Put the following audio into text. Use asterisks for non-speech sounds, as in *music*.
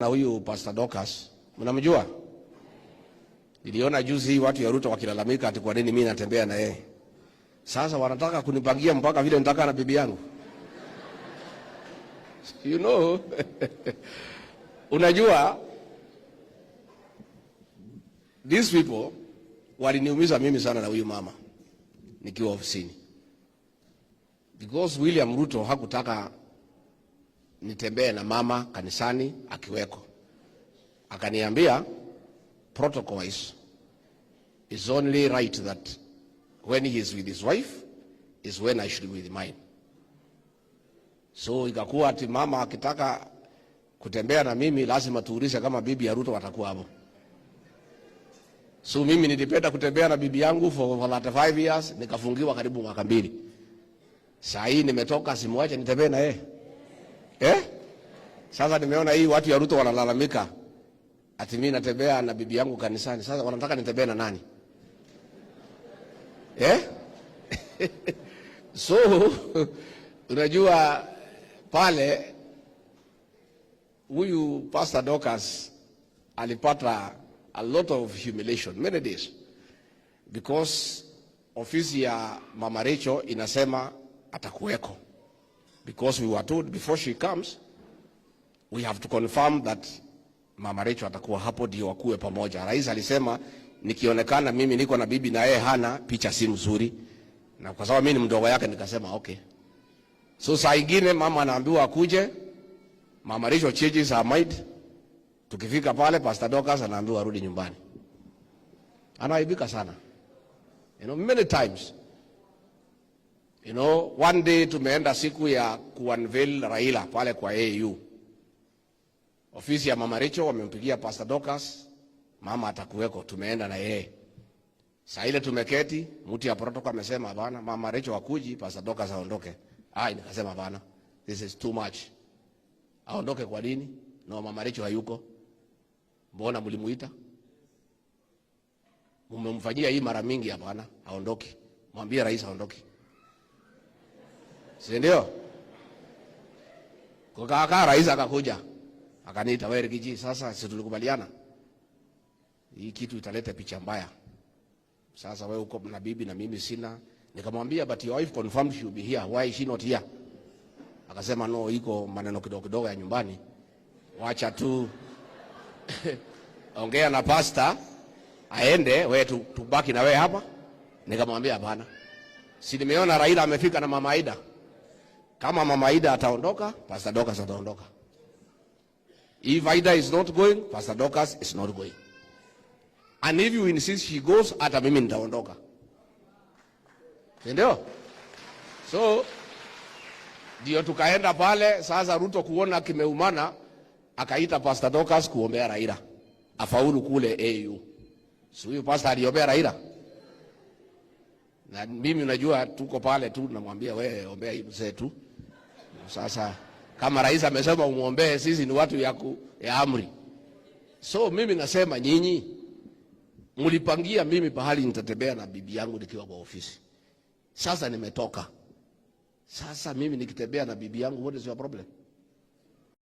Na huyu Pastor Dorcas mnamjua? Niliona juzi hii watu ya Ruto wakilalamika ati kwa nini mimi natembea na yeye. Sasa wanataka kunipangia mpaka vile nitaka na bibi yangu. You know. *laughs* Unajua these people waliniumiza mimi sana na huyu mama nikiwa ofisini. Because William Ruto hakutaka nitembee na mama kanisani akiweko, akaniambia protocol wise is only right that when he is with his wife is when I should be with mine. So ikakuwa ati mama akitaka kutembea na mimi lazima tuulize kama bibi ya Ruto watakuwa hapo. So mimi nilipenda kutembea na bibi yangu for 35 years, nikafungiwa karibu mwaka mbili. Sasa hii nimetoka, simwache nitembee na yeye. eh eh? Sasa nimeona hii watu ya Ruto wanalalamika ati mimi natembea na bibi yangu kanisani. Sasa wanataka nitembee na nani eh? *laughs* So unajua pale huyu Pastor Dorcas alipata a lot of humiliation many days because ofisi ya Mama Rachel inasema atakuweko because we were told before she comes we have to confirm that Mama Rachel atakuwa hapo ndio wakuwe pamoja. Rais alisema nikionekana mimi niko na bibi na yeye hana, picha si mzuri, na kwa sababu mimi ni mdogo yake nikasema okay. So saa ingine mama anaambiwa akuje, Mama Rachel changes her mind. Tukifika pale Pastor Dorcas anaambiwa arudi nyumbani, anaibika sana, you know, many times You know, one day tumeenda siku ya kuunveil Raila pale kwa AU. Ofisi ya Mama Richo wamempigia Pastor Dorcas, mama atakuweko, tumeenda na yeye. Saa ile tumeketi, mtu ya protocol amesema bana, Mama Richo hakuji, Pastor Dorcas aondoke. Ai, nikasema bana, this is too much. Aondoke kwa nini? No, Mama Richo hayuko. Mbona mlimuita? Mmemfanyia hii mara mingi hapana, aondoke. Mwambie rais aondoke si ndio? Kukakaa rais akakuja akaniita, wewe Rigiji, sasa si tulikubaliana hii kitu italeta picha mbaya, sasa wewe uko na bibi na mimi sina. Nikamwambia, but your wife confirmed she will be here, why is she not here? Akasema no, iko maneno kidogo kidogo ya nyumbani, wacha tu *laughs* ongea na pasta aende, wewe tubaki na wewe hapa. Nikamwambia hapana, si nimeona Raila amefika na mama Aida. Kama Mama Ida ataondoka, Pastor Dorcas ataondoka. If Ida is not going, Pastor Dorcas is not going. And if you insist she goes, hata mimi nitaondoka. Ndio? So ndio tukaenda pale sasa Ruto kuona kimeumana akaita Pastor Dorcas kuombea Raila. Afaulu kule AU. Si huyu pastor aliombea Raila? Na mimi unajua tuko pale tu namwambia wewe ombea hii mzee tu. Sasa kama rais amesema umwombee, sisi ni watu ya, ku, ya amri. So mimi nasema nyinyi mlipangia mimi pahali nitatembea na bibi yangu nikiwa kwa ofisi. Sasa nimetoka. Sasa mimi nikitembea na bibi yangu, what is your problem?